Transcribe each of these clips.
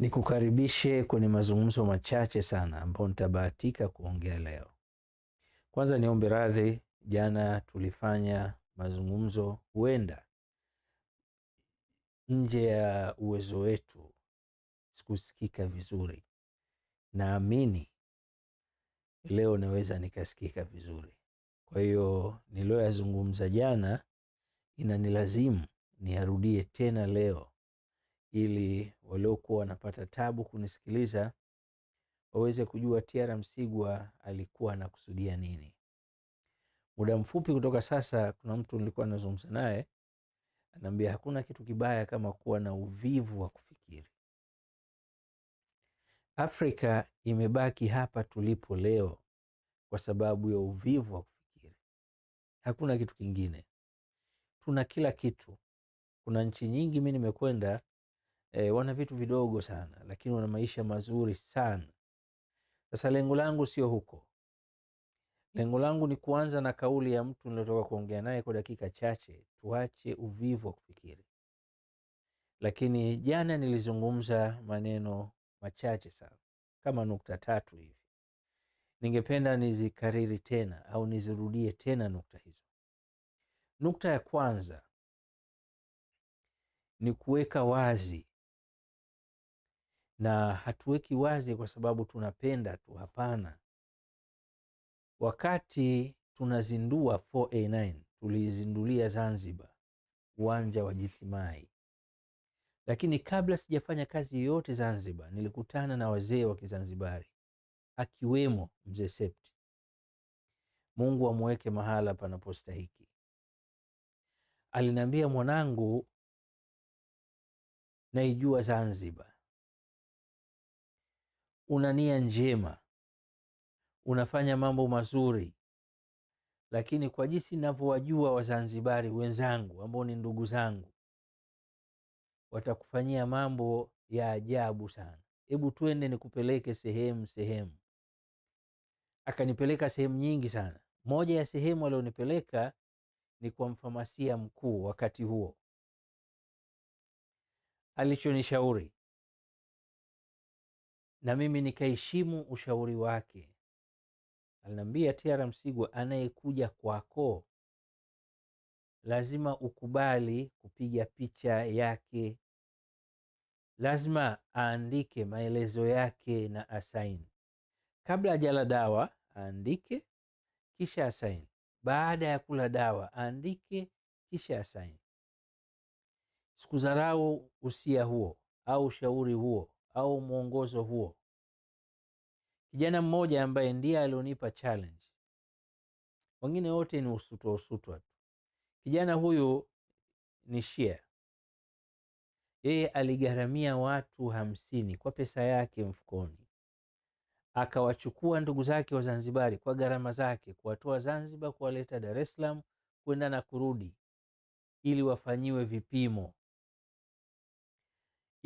Nikukaribishe kwenye mazungumzo machache sana ambayo nitabahatika kuongea leo. Kwanza niombe radhi, jana tulifanya mazungumzo huenda nje ya uwezo wetu, sikusikika vizuri. Naamini leo naweza nikasikika vizuri. Kwa hiyo niliyoyazungumza jana inanilazimu niyarudie tena leo ili waliokuwa wanapata tabu kunisikiliza waweze kujua T.R. Msigwa alikuwa anakusudia nini. Muda mfupi kutoka sasa, kuna mtu nilikuwa nazungumza naye anaambia hakuna kitu kibaya kama kuwa na uvivu wa kufikiri. Afrika imebaki hapa tulipo leo kwa sababu ya uvivu wa kufikiri, hakuna kitu kingine. Tuna kila kitu. Kuna nchi nyingi, mi nimekwenda e, wana vitu vidogo sana, lakini wana maisha mazuri sana. Sasa lengo langu sio huko. Lengo langu ni kuanza na kauli ya mtu niliotoka kuongea naye kwa dakika chache, tuache uvivu wa kufikiri. Lakini jana nilizungumza maneno machache sana, kama nukta tatu hivi. Ningependa nizikariri tena au nizirudie tena nukta hizo. Nukta ya kwanza ni kuweka wazi na hatuweki wazi kwa sababu tunapenda tu, hapana. Wakati tunazindua 4A9 tulizindulia Zanzibar, uwanja wa Jitimai, lakini kabla sijafanya kazi yoyote Zanzibar nilikutana na wazee wa Kizanzibari akiwemo mzee Septi, Mungu amuweke mahala panapostahiki. Aliniambia, mwanangu, naijua Zanzibar una nia njema, unafanya mambo mazuri, lakini kwa jinsi ninavyowajua Wazanzibari wenzangu ambao ni ndugu zangu, watakufanyia mambo ya ajabu sana. Hebu twende nikupeleke sehemu sehemu. Akanipeleka sehemu nyingi sana. Moja ya sehemu alionipeleka ni kwa mfamasia mkuu wakati huo. Alichonishauri na mimi nikaheshimu ushauri wake. Aliniambia T.R. Msigwa, anayekuja kwako lazima ukubali kupiga picha yake, lazima aandike maelezo yake na asaini kabla jala dawa, aandike kisha asaini. Baada ya kula dawa, aandike kisha asaini. Sikudharau usia huo au ushauri huo, au mwongozo huo. Kijana mmoja ambaye ndiye alionipa challenge, wengine wote ni usutwa usutwa tu. Kijana huyu ni Shia, yeye aligharamia watu hamsini kwa pesa yake mfukoni, akawachukua ndugu zake wa Zanzibari kwa gharama zake, kuwatoa Zanzibar kuwaleta Dar es Salaam kwenda na kurudi, ili wafanyiwe vipimo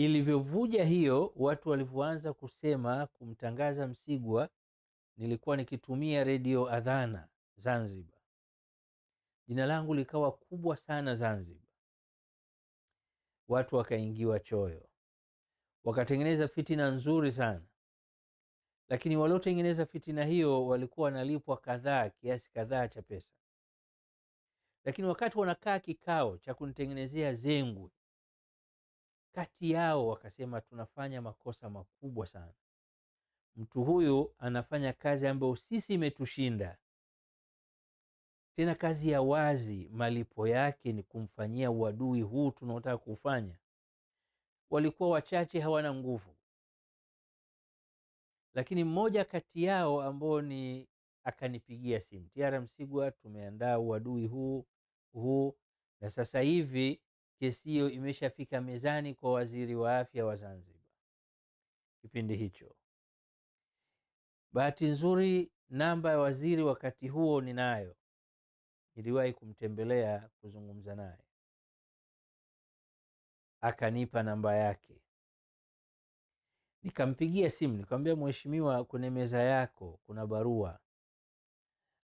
Ilivyovuja hiyo, watu walivyoanza kusema kumtangaza Msigwa, nilikuwa nikitumia redio Adhana Zanzibar, jina langu likawa kubwa sana Zanzibar, watu wakaingiwa choyo, wakatengeneza fitina nzuri sana lakini waliotengeneza fitina hiyo walikuwa wanalipwa kadhaa, kiasi kadhaa cha pesa, lakini wakati wanakaa kikao cha kunitengenezea zengwe kati yao wakasema, tunafanya makosa makubwa sana, mtu huyu anafanya kazi ambayo sisi imetushinda, tena kazi ya wazi. Malipo yake ni kumfanyia uadui huu tunaotaka kuufanya. Walikuwa wachache, hawana nguvu, lakini mmoja kati yao ambao ni akanipigia simu, T.R. Msigwa, tumeandaa uadui huu huu na sasa hivi kesi hiyo imeshafika mezani kwa waziri wa afya wa Zanzibar kipindi hicho. Bahati nzuri namba ya waziri wakati huo ninayo, niliwahi kumtembelea kuzungumza naye, akanipa namba yake. Nikampigia simu nikamwambia, mheshimiwa, kwenye meza yako kuna barua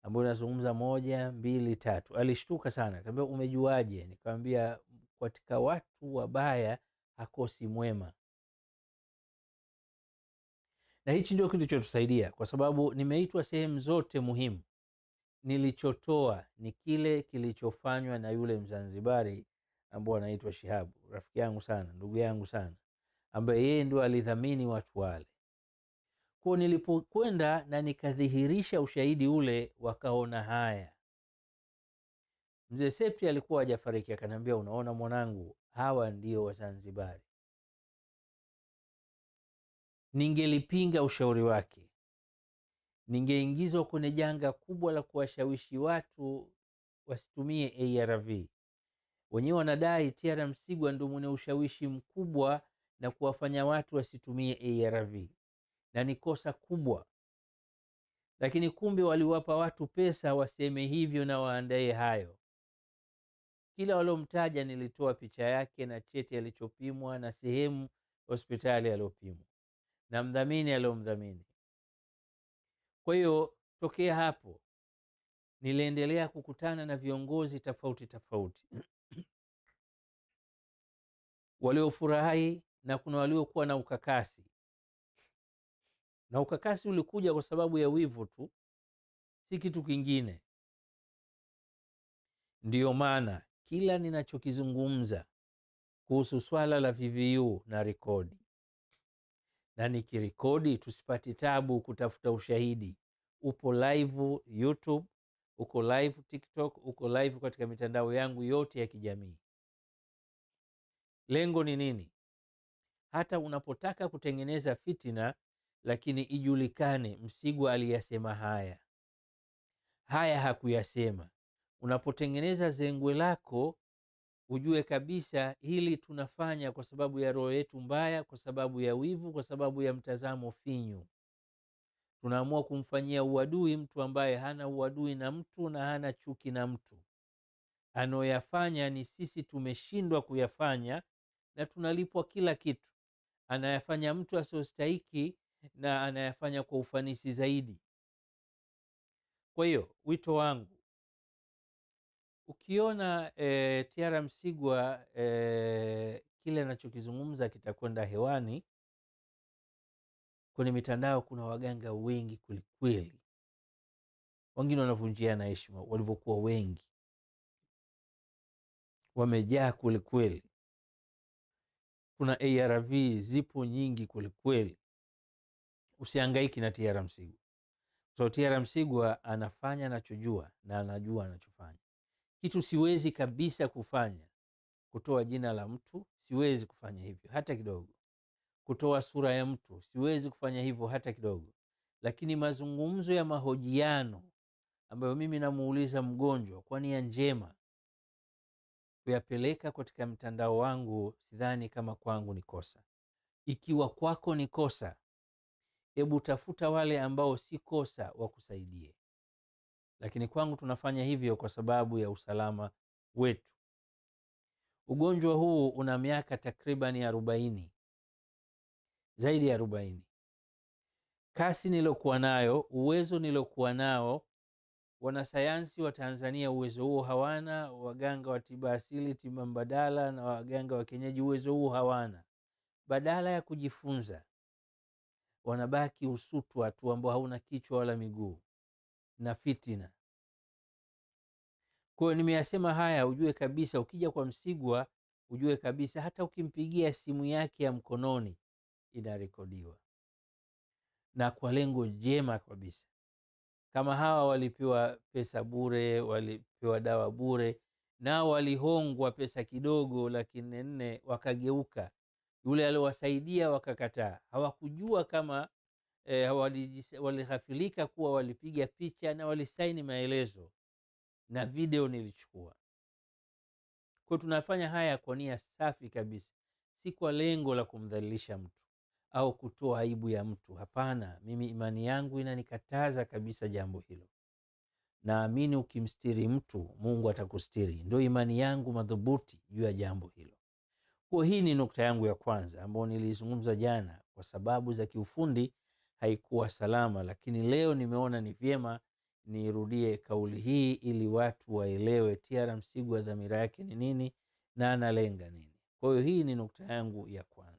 ambayo inazungumza moja mbili tatu. Alishtuka sana, kaambia umejuaje? Nikamwambia katika watu wabaya hakosi mwema. Na hichi ndio kilichotusaidia, kwa sababu nimeitwa sehemu zote muhimu. Nilichotoa ni kile kilichofanywa na yule Mzanzibari ambao anaitwa Shihabu, rafiki yangu sana, ndugu yangu sana, ambaye yeye ndio alidhamini watu wale. Kwa nilipokwenda na nikadhihirisha ushahidi ule, wakaona haya Mzee Septi alikuwa hajafariki, akaniambia, unaona mwanangu, hawa ndio Wazanzibari. Ningelipinga ushauri wake, ningeingizwa kwenye janga kubwa la kuwashawishi watu wasitumie ARV. Wenyewe wanadai T.R. Msigwa ndio mwenye ushawishi mkubwa na kuwafanya watu wasitumie ARV, na ni kosa kubwa, lakini kumbe waliwapa watu pesa waseme hivyo na waandae hayo. Kila waliomtaja nilitoa picha yake na cheti alichopimwa na sehemu hospitali aliyopimwa na mdhamini aliyomdhamini. Kwa hiyo tokea hapo niliendelea kukutana na viongozi tofauti tofauti waliofurahi na kuna waliokuwa na ukakasi, na ukakasi ulikuja kwa sababu ya wivu tu, si kitu kingine. Ndiyo maana kila ninachokizungumza kuhusu swala la VVU na rekodi, na nikirekodi tusipate tabu kutafuta ushahidi. Upo live YouTube, uko live TikTok, uko live katika mitandao yangu yote ya kijamii. Lengo ni nini? Hata unapotaka kutengeneza fitina, lakini ijulikane Msigwa aliyasema haya haya, hakuyasema Unapotengeneza zengwe lako ujue kabisa hili tunafanya kwa sababu ya roho yetu mbaya, kwa sababu ya wivu, kwa sababu ya mtazamo finyu. Tunaamua kumfanyia uadui mtu ambaye hana uadui na mtu na hana chuki na mtu. Anayoyafanya ni sisi tumeshindwa kuyafanya na tunalipwa kila kitu. Anayafanya mtu asiyostahiki na anayafanya kwa ufanisi zaidi. Kwa hiyo wito wangu Ukiona e, eh, T.R. Msigwa e, eh, kile anachokizungumza kitakwenda hewani kwenye mitandao. Kuna waganga wengi kwelikweli, wengine wanavunjia na heshima walivyokuwa wengi, wamejaa kwelikweli. Kuna ARV zipo nyingi kwelikweli, usihangaiki na T.R. Msigwa. So T.R. Msigwa anafanya anachojua na anajua anachofanya. Kitu siwezi kabisa kufanya, kutoa jina la mtu, siwezi kufanya hivyo hata kidogo. Kutoa sura ya mtu, siwezi kufanya hivyo hata kidogo. Lakini mazungumzo ya mahojiano ambayo mimi namuuliza mgonjwa kwa nia njema, kuyapeleka katika mtandao wangu, sidhani kama kwangu ni kosa. Ikiwa kwako ni kosa, hebu tafuta wale ambao si kosa wakusaidie lakini kwangu tunafanya hivyo kwa sababu ya usalama wetu. Ugonjwa huu una miaka takribani arobaini, zaidi ya arobaini. Kasi niliokuwa nayo, uwezo niliokuwa nao, wanasayansi wa Tanzania uwezo huo hawana, waganga wa tiba asili, tiba mbadala na waganga wa kienyeji uwezo huo hawana. Badala ya kujifunza, wanabaki usutwa tu ambao hauna kichwa wala miguu na fitina kwa nimeyasema haya ujue kabisa, ukija kwa Msigwa ujue kabisa, hata ukimpigia simu yake ya mkononi inarekodiwa na kwa lengo jema kabisa. Kama hawa walipewa pesa bure, walipewa dawa bure, nao walihongwa pesa kidogo laki nne nne, wakageuka. Yule aliwasaidia wakakataa, hawakujua kama eh, walighafilika kuwa walipiga picha na walisaini maelezo na video nilichukua. Kwa tunafanya haya kwa nia safi kabisa, si kwa lengo la kumdhalilisha mtu au kutoa aibu ya mtu. Hapana, mimi imani yangu inanikataza kabisa jambo hilo. Naamini ukimstiri mtu Mungu atakustiri, ndio imani yangu madhubuti juu ya jambo hilo. Kwa hii ni nukta yangu ya kwanza ambayo nilizungumza jana, kwa sababu za kiufundi haikuwa salama, lakini leo nimeona ni vyema Nirudie kauli hii ili watu waelewe T.R. Msigwa dhamira yake ni nini na analenga nini. Kwa hiyo hii ni nukta yangu ya kwanza,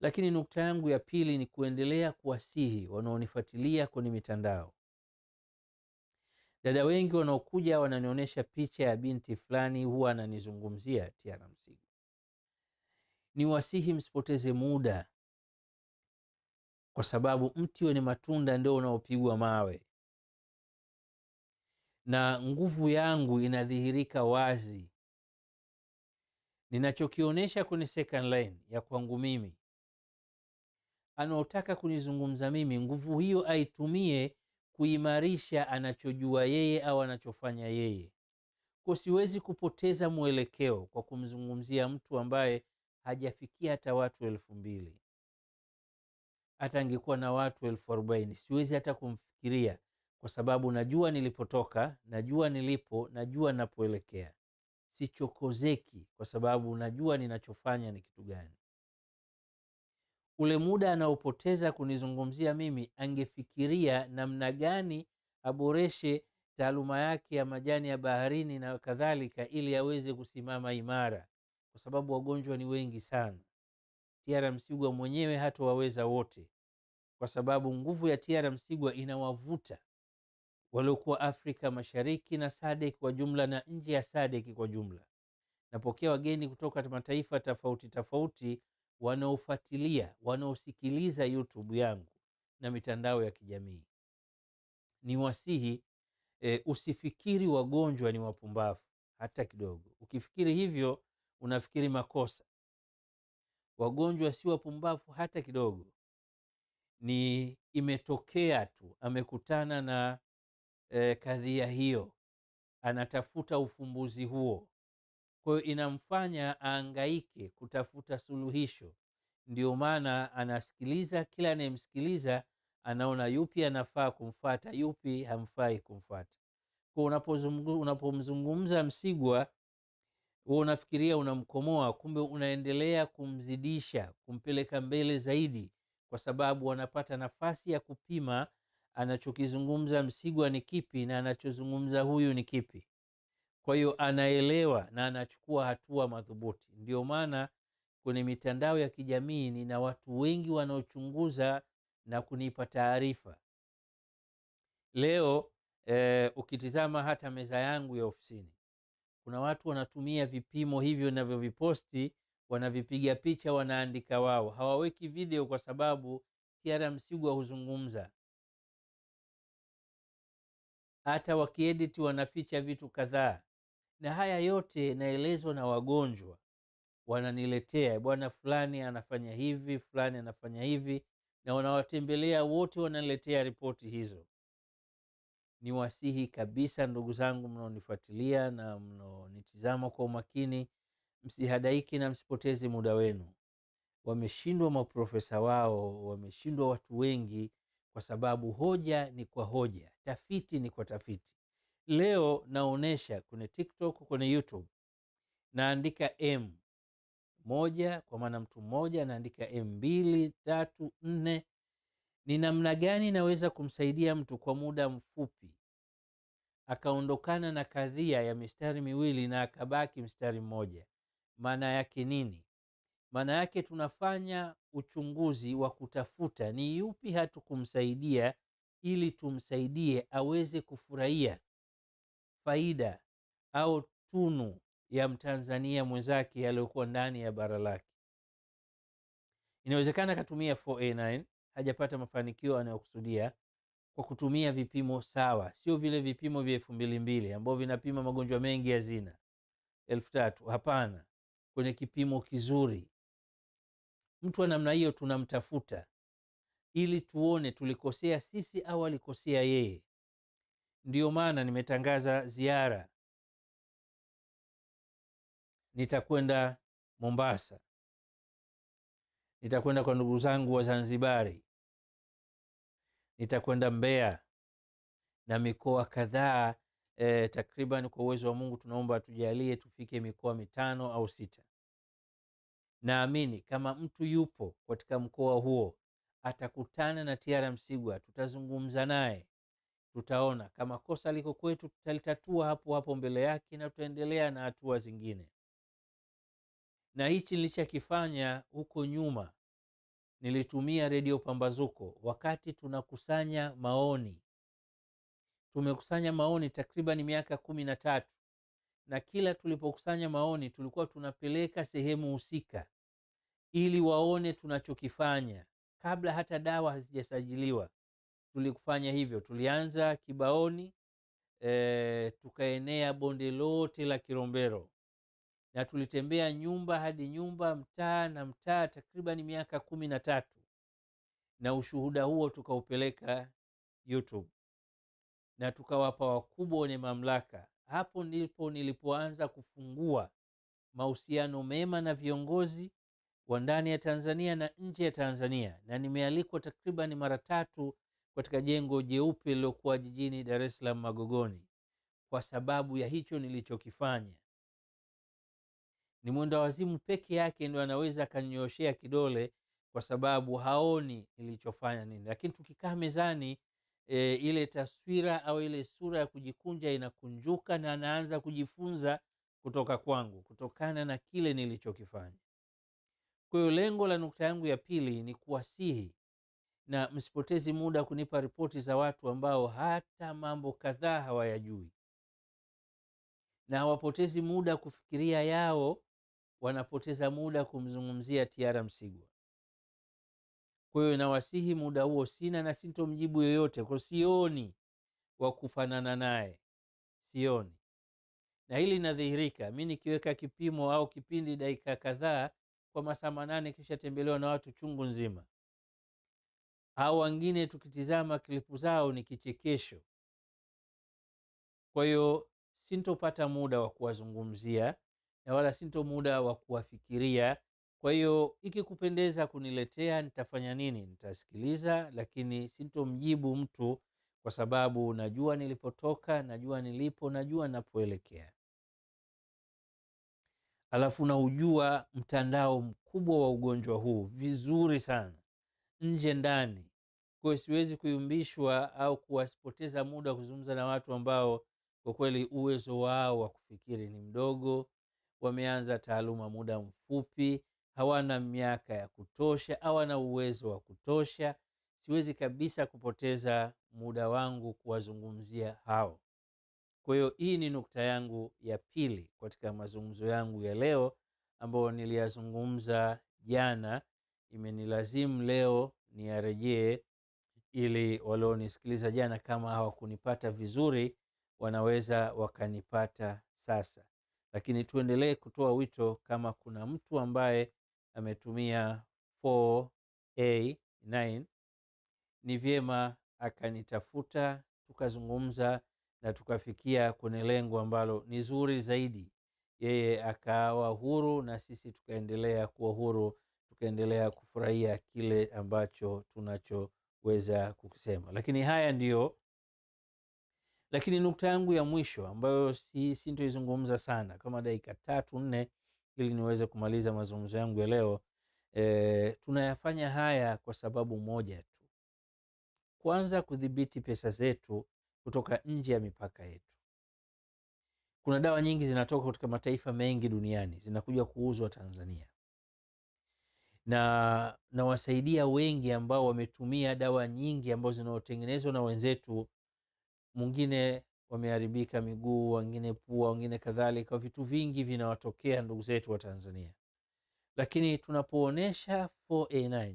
lakini nukta yangu ya pili ni kuendelea kuwasihi wanaonifuatilia kwenye mitandao. Dada wengi wanaokuja wananionyesha picha ya binti fulani, huwa ananizungumzia T.R. Msigwa. Niwasihi msipoteze muda, kwa sababu mti wenye matunda ndio unaopigwa mawe na nguvu yangu inadhihirika wazi. Ninachokionyesha kwenye second line ya kwangu mimi, anaotaka kunizungumza mimi, nguvu hiyo aitumie kuimarisha anachojua yeye au anachofanya yeye. Kwa siwezi kupoteza mwelekeo kwa kumzungumzia mtu ambaye hajafikia hata watu elfu mbili hata angekuwa na watu elfu arobaini siwezi hata kumfikiria kwa sababu najua nilipotoka, najua nilipo, najua napoelekea. Sichokozeki kwa sababu najua ninachofanya ni kitu gani. Ule muda anaopoteza kunizungumzia mimi, angefikiria namna gani aboreshe taaluma yake ya majani ya baharini na kadhalika, ili aweze kusimama imara, kwa sababu wagonjwa ni wengi sana. T.R. Msigwa mwenyewe waweza wote, kwa sababu nguvu ya T.R. Msigwa inawavuta waliokuwa Afrika Mashariki na SADC kwa jumla na nje ya SADC kwa jumla. Napokea wageni kutoka mataifa tofauti tofauti wanaofuatilia, wanaosikiliza YouTube yangu na mitandao ya kijamii. Ni wasihi e, eh, usifikiri wagonjwa ni wapumbavu hata kidogo. Ukifikiri hivyo unafikiri makosa. Wagonjwa si wapumbavu hata kidogo, ni imetokea tu, amekutana na e, kadhia hiyo, anatafuta ufumbuzi huo. Kwa hiyo inamfanya aangaike kutafuta suluhisho. Ndio maana anasikiliza, kila anayemsikiliza anaona yupi anafaa kumfata, yupi hamfai kumfata. Kwa unapomzungumza Msigwa huo unafikiria unamkomoa, kumbe unaendelea kumzidisha, kumpeleka mbele zaidi, kwa sababu wanapata nafasi ya kupima anachokizungumza Msigwa ni kipi na anachozungumza huyu ni kipi. Kwa hiyo anaelewa na anachukua hatua madhubuti. Ndio maana kwenye mitandao ya kijamii nina watu wengi wanaochunguza na kunipa taarifa leo. E, ukitizama hata meza yangu ya ofisini kuna watu wanatumia vipimo hivyo navyoviposti, wanavipiga picha, wanaandika wao, hawaweki video kwa sababu T.R. Msigwa huzungumza hata wakiediti wanaficha vitu kadhaa, na haya yote naelezwa na wagonjwa wananiletea, bwana fulani anafanya hivi, fulani anafanya hivi, na wanawatembelea wote, wananiletea ripoti hizo. Niwasihi kabisa ndugu zangu mnaonifuatilia na mnaonitizama kwa umakini, msihadaiki na msipoteze muda wenu. Wameshindwa maprofesa wao, wameshindwa watu wengi kwa sababu hoja ni kwa hoja, tafiti ni kwa tafiti. Leo naonesha kwenye TikTok, kwenye YouTube naandika m moja kwa maana mtu mmoja, naandika m mbili, tatu, nne. Ni namna gani naweza kumsaidia mtu kwa muda mfupi akaondokana na kadhia ya mistari miwili na akabaki mstari mmoja? Maana yake nini? maana yake tunafanya uchunguzi wa kutafuta ni yupi hatu kumsaidia ili tumsaidie aweze kufurahia faida au tunu ya mtanzania mwenzake aliyokuwa ndani ya bara lake inawezekana akatumia 4A9 hajapata mafanikio anayokusudia kwa kutumia vipimo sawa, sio vile vipimo vya elfu mbili mbili ambavyo vinapima magonjwa mengi ya zina elfu tatu. Hapana, kwenye kipimo kizuri Mtu wa namna hiyo tunamtafuta ili tuone tulikosea sisi au alikosea yeye. Ndiyo maana nimetangaza ziara, nitakwenda Mombasa, nitakwenda kwa ndugu zangu wa Zanzibari, nitakwenda Mbeya na mikoa kadhaa. E, takriban kwa uwezo wa Mungu tunaomba tujalie tufike mikoa mitano au sita. Naamini kama mtu yupo katika mkoa huo atakutana na T.R. Msigwa, tutazungumza naye, tutaona kama kosa liko kwetu, tutalitatua hapo hapo mbele yake, na tutaendelea na hatua zingine. Na hichi nilichokifanya huko nyuma, nilitumia Redio Pambazuko wakati tunakusanya maoni. Tumekusanya maoni takriban miaka kumi na tatu na kila tulipokusanya maoni tulikuwa tunapeleka sehemu husika ili waone tunachokifanya kabla hata dawa hazijasajiliwa. Tulikufanya hivyo, tulianza Kibaoni e, tukaenea bonde lote la Kilombero na tulitembea nyumba hadi nyumba, mtaa na mtaa, takriban miaka kumi na tatu, na ushuhuda huo tukaupeleka YouTube na tukawapa wakubwa wenye mamlaka. Hapo ndipo nilipoanza kufungua mahusiano mema na viongozi wa ndani ya Tanzania na nje ya Tanzania, na nimealikwa takriban mara tatu katika jengo jeupe lilokuwa jijini Dar es Salaam Magogoni kwa sababu ya hicho nilichokifanya. Ni mwendawazimu peke yake ndio anaweza akaninyoshea kidole kwa sababu haoni nilichofanya nini, lakini tukikaa mezani e, ile taswira au ile sura ya kujikunja inakunjuka na anaanza kujifunza kutoka kwangu kutokana na kile nilichokifanya. Kwa hiyo lengo la nukta yangu ya pili ni kuwasihi na msipotezi muda kunipa ripoti za watu ambao hata mambo kadhaa hawayajui na hawapotezi muda kufikiria yao, wanapoteza muda kumzungumzia T.R. Msigwa. Kwa hiyo nawasihi, muda huo sina na sintomjibu yoyote, kwa sioni wa kufanana naye, sioni. Na hili linadhihirika, mi nikiweka kipimo au kipindi dakika kadhaa kwa masaa manane kisha tembelewa na watu chungu nzima. Hao wengine tukitizama klipu zao ni kichekesho. Kwa hiyo sintopata muda wa kuwazungumzia na wala sinto muda wa kuwafikiria. Kwa hiyo ikikupendeza kuniletea, nitafanya nini? Nitasikiliza, lakini sintomjibu mtu, kwa sababu najua nilipotoka, najua nilipo, najua napoelekea halafu unaujua mtandao mkubwa wa ugonjwa huu vizuri sana nje ndani. Kwa hiyo siwezi kuyumbishwa au kuwapoteza muda wa kuzungumza na watu ambao kwa kweli uwezo wao wa kufikiri ni mdogo, wameanza taaluma muda mfupi, hawana miaka ya kutosha, hawana uwezo wa kutosha. Siwezi kabisa kupoteza muda wangu kuwazungumzia hao. Kwa hiyo hii ni nukta yangu ya pili katika mazungumzo yangu ya leo ambayo niliyazungumza jana, imenilazimu leo niyarejee, ili walionisikiliza jana kama hawakunipata vizuri wanaweza wakanipata sasa. Lakini tuendelee kutoa wito, kama kuna mtu ambaye ametumia 4A9 ni vyema akanitafuta tukazungumza na tukafikia kwenye lengo ambalo ni zuri zaidi, yeye akawa huru na sisi tukaendelea kuwa huru, tukaendelea kufurahia kile ambacho tunachoweza kusema. Lakini haya ndiyo, lakini nukta yangu ya mwisho ambayo si sintoizungumza sana kama dakika tatu nne, ili niweze kumaliza mazungumzo yangu ya leo. E, tunayafanya haya kwa sababu moja tu, kwanza kudhibiti pesa zetu kutoka nje ya mipaka yetu. Kuna dawa nyingi zinatoka katika mataifa mengi duniani zinakuja kuuzwa Tanzania, na nawasaidia wengi ambao wametumia dawa nyingi ambazo zinaotengenezwa na wenzetu. Mwingine wameharibika miguu, wengine pua, wengine kadhalika. Vitu vingi vinawatokea ndugu zetu wa Tanzania, lakini tunapoonesha 4A9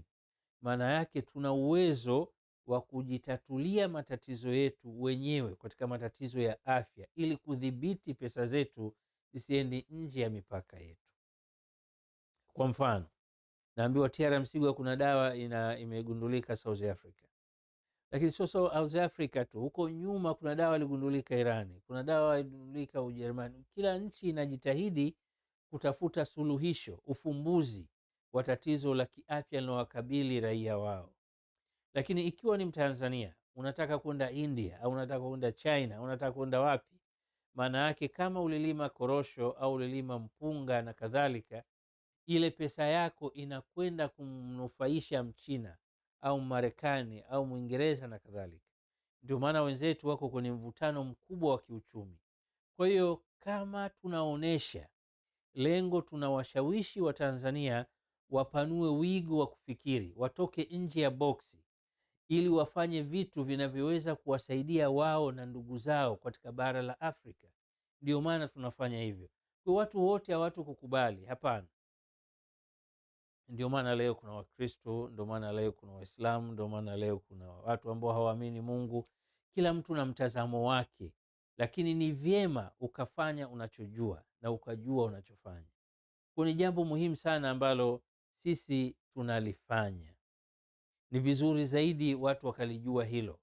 maana yake tuna uwezo wa kujitatulia matatizo yetu wenyewe katika matatizo ya afya, ili kudhibiti pesa zetu zisiende nje ya mipaka yetu. Kwa mfano, naambiwa T.R. Msigwa kuna dawa ina imegundulika South Africa, lakini sio South Africa tu, huko nyuma kuna dawa iligundulika Irani, kuna dawa iligundulika Ujerumani. Kila nchi inajitahidi kutafuta suluhisho, ufumbuzi wa tatizo la kiafya linalowakabili raia wao. Lakini ikiwa ni Mtanzania unataka kwenda India au unataka kwenda China, unataka kwenda wapi, maana yake kama ulilima korosho au ulilima mpunga na kadhalika, ile pesa yako inakwenda kumnufaisha Mchina au Marekani au Mwingereza na kadhalika. Ndio maana wenzetu wako kwenye mvutano mkubwa wa kiuchumi. Kwa hiyo kama tunaonyesha lengo, tunawashawishi tanzania wapanue wigo wa kufikiri, watoke nje ya boksi ili wafanye vitu vinavyoweza kuwasaidia wao na ndugu zao katika bara la Afrika. Ndio maana tunafanya hivyo. Kwa watu wote hawatu kukubali, hapana. Ndio maana leo kuna Wakristo, ndio maana leo kuna Waislamu, ndio maana leo kuna watu ambao hawaamini Mungu. Kila mtu na mtazamo wake, lakini ni vyema ukafanya unachojua na ukajua unachofanya. Kuna ni jambo muhimu sana ambalo sisi tunalifanya. Ni vizuri zaidi watu wakalijua hilo,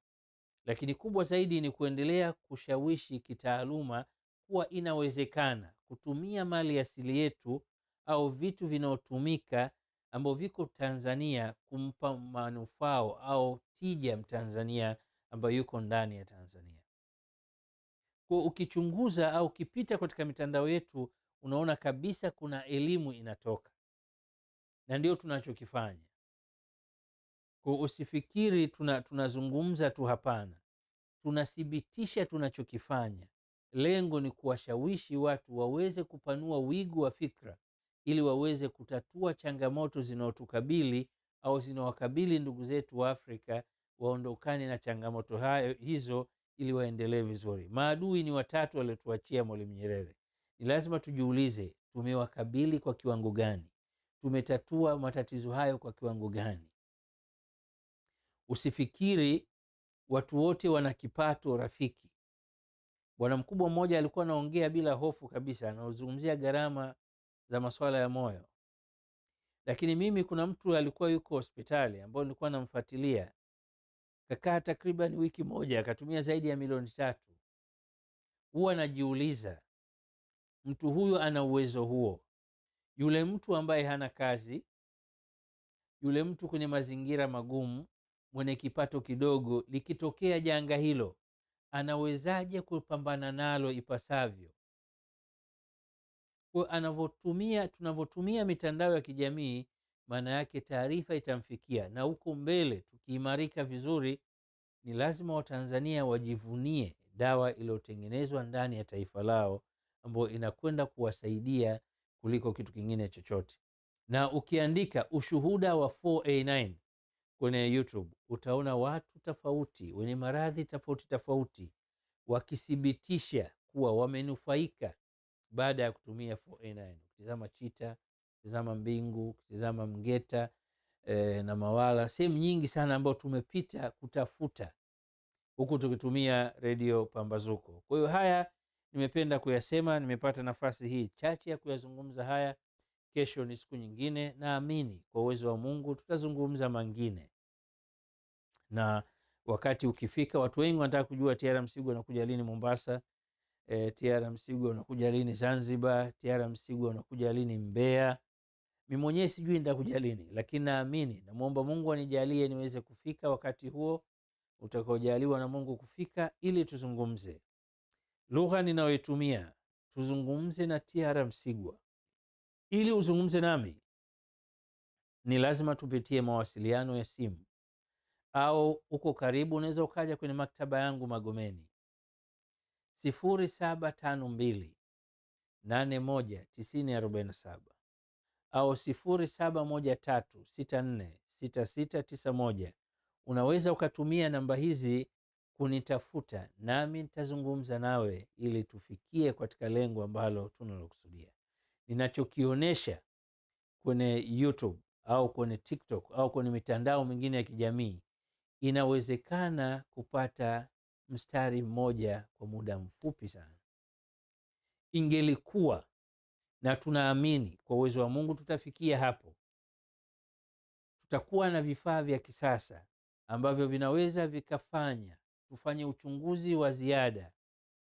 lakini kubwa zaidi ni kuendelea kushawishi kitaaluma kuwa inawezekana kutumia mali asili yetu au vitu vinaotumika ambao viko Tanzania kumpa manufao au tija Mtanzania ambayo yuko ndani ya Tanzania. Kwa ukichunguza au ukipita katika mitandao yetu unaona kabisa kuna elimu inatoka, na ndio tunachokifanya kwa usifikiri tuna, tunazungumza tu, hapana. Tunathibitisha tunachokifanya. Lengo ni kuwashawishi watu waweze kupanua wigo wa fikra ili waweze kutatua changamoto zinaotukabili au zinawakabili ndugu zetu wa Afrika, waondokane na changamoto hayo hizo ili waendelee vizuri. Maadui ni watatu waliotuachia Mwalimu Nyerere. Ni lazima tujiulize, tumewakabili kwa kiwango gani? Tumetatua matatizo hayo kwa kiwango gani? usifikiri watu wote wana kipato rafiki. Bwana mkubwa mmoja alikuwa anaongea bila hofu kabisa, anazungumzia gharama za masuala ya moyo. Lakini mimi kuna mtu alikuwa yuko hospitali ambao nilikuwa namfuatilia, kakaa takriban wiki moja, akatumia zaidi ya milioni tatu. Huwa anajiuliza mtu huyu ana uwezo huo? Yule mtu ambaye hana kazi, yule mtu kwenye mazingira magumu, mwenye kipato kidogo likitokea janga hilo, anawezaje kupambana nalo ipasavyo? Kwa anavyotumia tunavyotumia mitandao ya kijamii, maana yake taarifa itamfikia, na huko mbele tukiimarika vizuri, ni lazima Watanzania wajivunie dawa iliyotengenezwa ndani ya taifa lao ambayo inakwenda kuwasaidia kuliko kitu kingine chochote. Na ukiandika ushuhuda wa 4A9 kwenye YouTube utaona watu tofauti wenye maradhi tofauti tofauti wakithibitisha kuwa wamenufaika baada ya kutumia 4A9. Ukitizama Chita, ukitizama Mbingu, ukitizama Mgeta e, na Mawala, sehemu nyingi sana ambayo tumepita kutafuta huku tukitumia redio Pambazuko. Kwa hiyo haya nimependa kuyasema, nimepata nafasi hii chache ya kuyazungumza haya kesho ni siku nyingine. Naamini kwa uwezo wa Mungu tutazungumza mengine, na wakati ukifika, watu wengi wanataka kujua T.R. Msigwa anakuja lini Mombasa, e, eh, T.R. Msigwa anakuja lini Zanzibar, T.R. Msigwa anakuja lini Mbeya. Mimi mwenyewe sijui nitakuja lini, lakini naamini, namwomba Mungu anijalie niweze kufika wakati huo utakaojaliwa na Mungu kufika, ili tuzungumze lugha ninayoitumia, tuzungumze na T.R. Msigwa ili uzungumze nami, ni lazima tupitie mawasiliano ya simu, au uko karibu, unaweza ukaja kwenye maktaba yangu Magomeni, sifuri saba tano mbili nane moja tisini arobaini na saba au sifuri saba moja tatu sita nne sita sita tisa moja. Unaweza ukatumia namba hizi kunitafuta, nami nitazungumza nawe ili tufikie katika lengo ambalo tunalokusudia ninachokionyesha kwenye YouTube au kwenye TikTok au kwenye mitandao mingine ya kijamii inawezekana kupata mstari mmoja kwa muda mfupi sana. Ingelikuwa na tunaamini kwa uwezo wa Mungu tutafikia hapo, tutakuwa na vifaa vya kisasa ambavyo vinaweza vikafanya tufanye uchunguzi wa ziada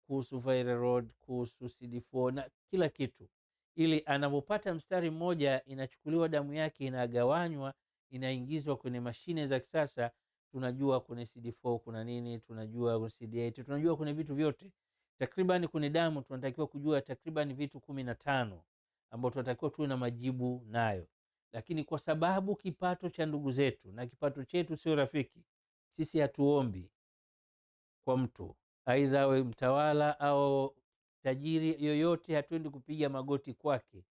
kuhusu viral load, kuhusu CD4 na kila kitu ili anapopata mstari mmoja inachukuliwa damu yake inagawanywa inaingizwa kwenye mashine za kisasa. Tunajua kwenye CD4 kuna nini, tunajua CD8, tunajua kwenye vitu vyote takriban. Kwenye damu tunatakiwa kujua takriban vitu kumi na tano ambao tunatakiwa tuwe na majibu nayo, lakini kwa sababu kipato cha ndugu zetu na kipato chetu sio rafiki, sisi hatuombi kwa mtu, aidha awe mtawala au tajiri yoyote hatuendi kupiga magoti kwake.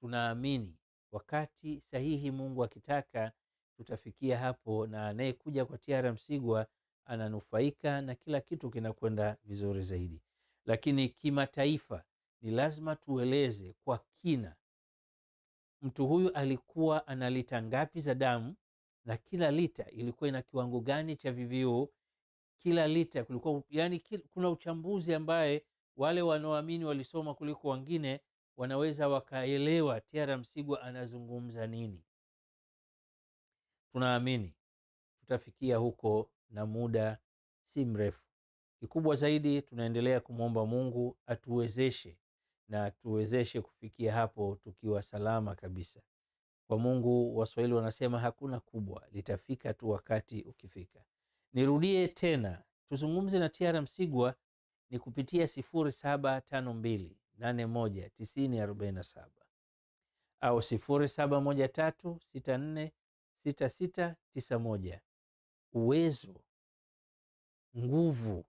Tunaamini wakati sahihi, Mungu akitaka, tutafikia hapo, na anayekuja kwa tiara Msigwa ananufaika na kila kitu kinakwenda vizuri zaidi. Lakini kimataifa ni lazima tueleze kwa kina mtu huyu alikuwa ana lita ngapi za damu, na kila lita ilikuwa ina kiwango gani cha vivio kila lita kulikuwa yani, kuna uchambuzi ambaye wale wanaoamini walisoma kuliko wengine wanaweza wakaelewa T.R. Msigwa anazungumza nini. Tunaamini tutafikia huko na muda si mrefu. Kikubwa zaidi, tunaendelea kumwomba Mungu atuwezeshe na atuwezeshe kufikia hapo tukiwa salama kabisa kwa Mungu. Waswahili wanasema hakuna kubwa, litafika tu wakati ukifika. Nirudie tena, tuzungumze na T.R. Msigwa ni kupitia 0752819047 au 0713646691. Uwezo, nguvu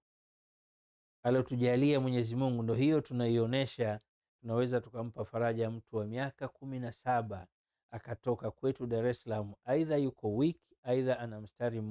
aliotujalia Mwenyezi Mungu ndo hiyo tunaionyesha. Tunaweza tukampa faraja mtu wa miaka kumi na saba akatoka kwetu Dar es Salaam, aidha yuko wiki, aidha ana mstari mmoja.